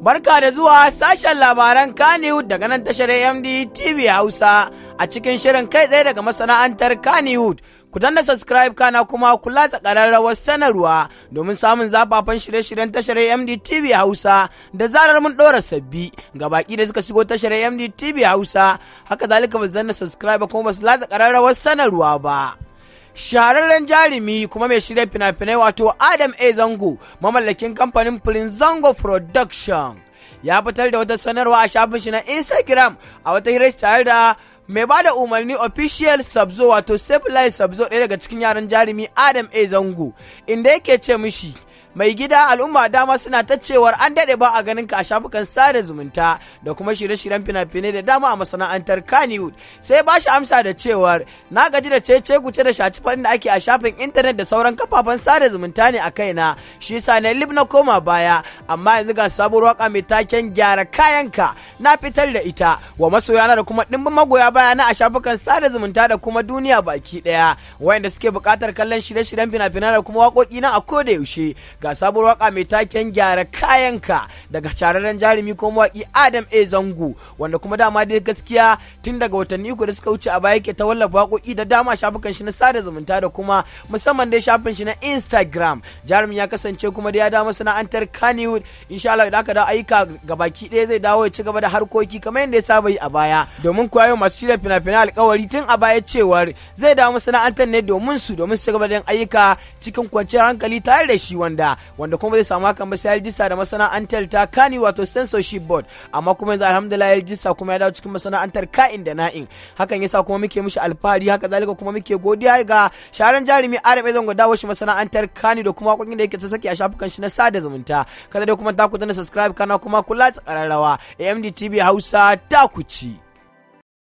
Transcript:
Barka da zuwa sashen labaran Kannywood daga nan tashar AMD TV Hausa a cikin shirin kai tsaye daga masana'antar Kannywood. Ku danna subscribe kana kuma ku latsa ƙararrawar sanarwa domin samun zafafan shirye-shiryen tashar AMD TV Hausa da zarar mun ɗora sabbi ga baki da suka shigo tashar AMD TV Hausa. Haka zalika ba su danna subscribe kuma ba su latsa ƙararrawar sanarwa ba. shahararren jarumi kuma mai shirya fina-finai wato Adam A. Zango mamallakin kamfanin Prince Zango Production ya fitar da wata sanarwa a shafin shi na Instagram a wata hira tare da mai ba da umarni official subzo wato safe life subzo ɗaya daga cikin yaran jarumi Adam A. Zango inda yake ce mishi mai gida al'umma dama suna ta cewar an daɗe ba a ganin ka a shafukan sada zumunta da kuma shirye-shiryen fina-finai da dama a masana'antar Kannywood sai ba shi amsa da cewar na gaji da cece guce da shaci da ake a shafin intanet da sauran kafafen sada zumunta ne a kaina shi yasa na lib na koma baya amma yanzu ga sabuwar waka mai taken gyara kayanka na fitar da ita wa masoyana da kuma dimbin magoya baya na a shafukan sada zumunta da kuma duniya baki daya wayanda suke buƙatar kallon shirye-shiryen fina-finai da kuma waƙoƙi na a koda yaushe ga sabuwar waka mai taken gyara kayanka daga shararren jarumi ko mawaki Adam A Zango wanda kuma dama dai gaskiya tun daga watanni uku da suka wuce a baya yake ta wallafa waƙoƙi da dama shafukan shi na sada zumunta da kuma musamman dai shafin shi na Instagram jarumi ya kasance kuma da ya dawo masana'antar Kannywood insha Allah idan aka dawo ayyuka gabaki ɗaya zai dawo ya ci gaba da harkoki kamar yadda ya saba yi a baya domin kuwa yau masu shirya fina-finai alkawari tun a baya cewar zai dawo masana'antar ne domin su domin su ci gaba da ayyuka cikin kwanciyar hankali tare da shi wanda wanda kuma zai samu hakan ba sai Aljissa da masana'antar ta kani wato censorship board amma kuma yanzu alhamdulillah Aljissa kuma ya dawo cikin masana'antar ka'in da na'in hakan yasa kuma muke mishi alfahari haka zalika kuma muke godiya ga sharan jarumi arabe zango dawo shi masana'antar kani da kuma kwakin da yake ta saki a shafukan shi na sada zumunta kada dai kuma ta ku na subscribe kana kuma kula tsararrawa amd tv hausa ta ku ci.